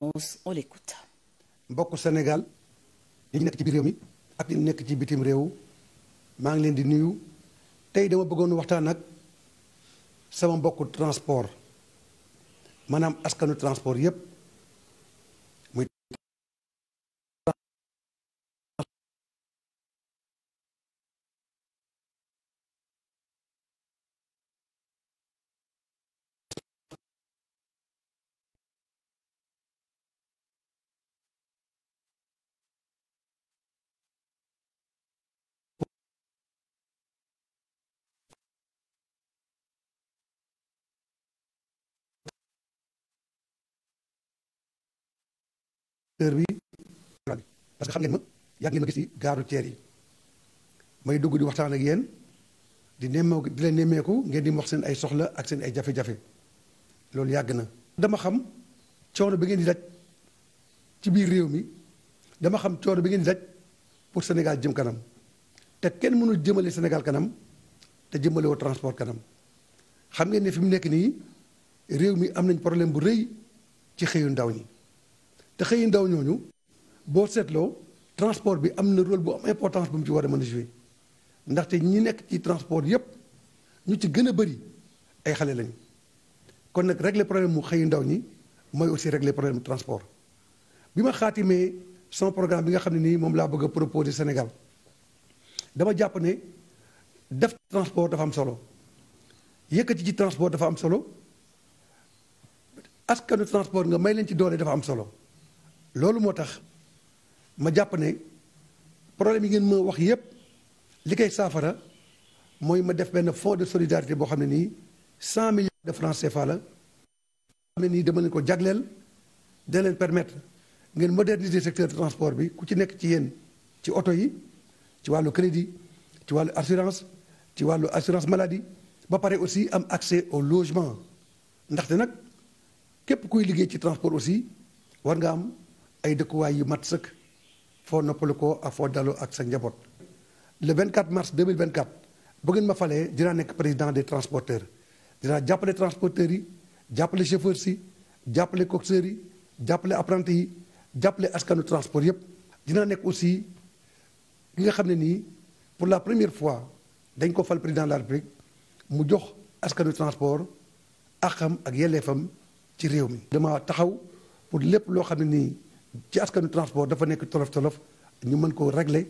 Mousse on Sénégal yi nekk ci ak nekk ci bitim réew maa ngi leen di nuyu tey dama bëggoon waxtaan ak sama mbokku transport maanaam askanu transport yépp heure bi parce que xam ngeen ma yàgg ngeen ma gis ci gaaru teer yi may dugg di waxtaan ak yéen di nemmeeku di leen nemmeeku ngeen di wax seen ay soxla ak seen ay jafe-jafe loolu yàgg na. dama xam coono bi ngeen di daj ci biir réew mi dama xam coono bi ngeen di daj pour Sénégal jëm kanam te kenn mënul jëmale Sénégal kanam te jëmale woo transport kanam xam ngeen ne fi mu nekk nii réew mi am nañ problème bu rëy ci xëyu ndaw ñi. te xëy ndaw ñooñu boo seetloo transport bi am na rôle bu am importance bu mu ci war a mën a jouer ndaxte ñi nekk ci transport yépp ñu ci gën a bëri ay xale lañu kon nag régler problème mu xëy ndaw ñi mooy aussi régler problème transport bi ma xaatimee son programme bi nga xam ne nii moom laa bëgg a proposer Sénégal dama jàpp ne def transport dafa am solo yëkkati ci transport dafa am solo askanu transport nga may leen ci doole dafa am solo loolu moo tax ma jàpp ne problème yi ngeen ma wax yépp li koy saafara mooy ma def benn fonds de solidarité boo xam ne nii cent millions de francs CFA la ne nii dama leen ko jagleel da leen permettre ngeen moderniser secteur transport bi ku ci nekk ci yéen ci oto yi ci wàllu crédit ci wàllu assurance ci wàllu assurance maladie ba pare aussi am accès au logement ndaxte nag képp kuy liggéey ci transport aussi war nga am ay dëkkuwaay yu mat sëkk foo noppalu ko ak foo dalu ak sa njaboot. le 24 mars 2024 bu ngeen ma falee dina nekk président des transporteurs dinaa jàppale transporteurs yi jàppale chauffeurs si jàppale coxeurs yi jàppale apprentis yi jàppale askanu transport yépp dina nekk aussi ki nga xam ne nii pour la première fois dañ ko fal président de la République mu jox askanu transport axam ak yelleefam ci réew mi. dama taxaw pour lépp loo xam ne nii. ci askanu transport dafa nekk tolof tolof ñu mën koo régler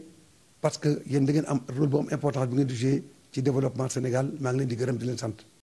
parce que yéen da ngeen am rôle bu am importance bi ngeen di jouer ci développement Sénégal maa ngi leen di gërëm di leen sant.